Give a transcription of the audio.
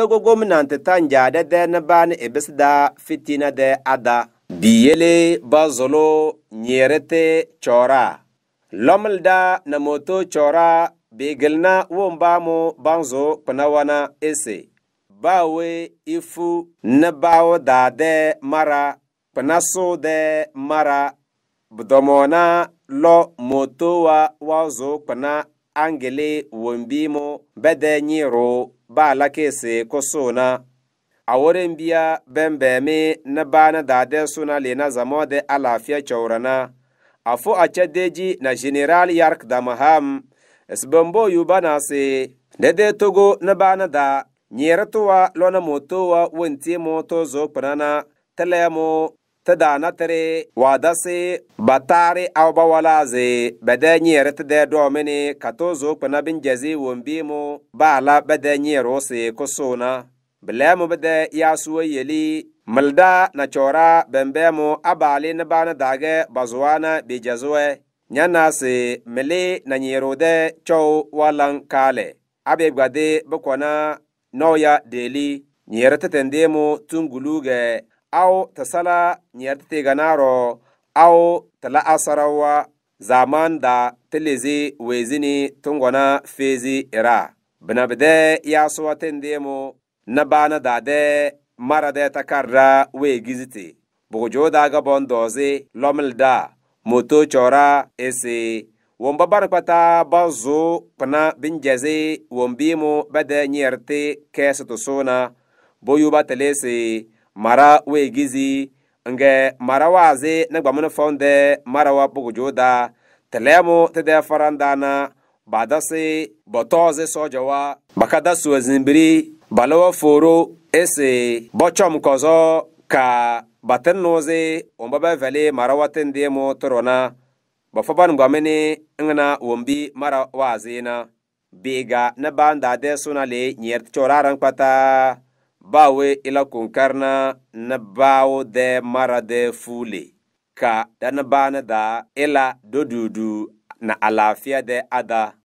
togo gomnanti ta njaadede ni e baa ni ibisida de ada biyele ba zolo nyerete chora lomlda na moto chora bigilna ban banzo kpinawana ese bawe ifu ni bawo de mara de mara budomona lo wa wazo kpina angele wombimo bede nyiro ba lake se ko sona a wurin biya bembeme na bana dade suna le na zama da alafiya caurana a fu a deji na general yark da maham sbambo ba na se da togo na bana da nyeratuwa lona motowa wente moto zo panana telemo dana tere wadase batari au bawalaze bede nyere tede domini katozo kpena bin jazi wombimu bala bede nyero se kosona bilemu bede yasuwa yeli milda na chora bembemu abali ni bana dage bazuwana bijazuwe nyanasi mili na nyerode chow walan kale abe gbade bukwana noya deli nyere tetendemu tunguluge aw ta sala nyar te ganaro aw ta la zaman da telezi wezini tungona fezi ira bina bide ya suwa tendemo na bana dade mara da takarda we gizite bugujo doze bondoze da moto chora ese womba barkwata bazo pna binjaze wombimo bade nyerte kesa tusona boyuba telese mara gizi nge mara waazi na gbamin fonde marawa bugujoda telemu tede farandana badasi botozi sojawa bakada suwezimbiri balawa foro esi bochom kozo ka batin nuzi umbaba veli mara watin demo turona bafoban gwamini ngna wombi mara wazina biga na banda de suna le nyer choraran kwata bawe ila kunkarna na bawo de mara de fule ka dana bana da ila dodudu na alafiya de ada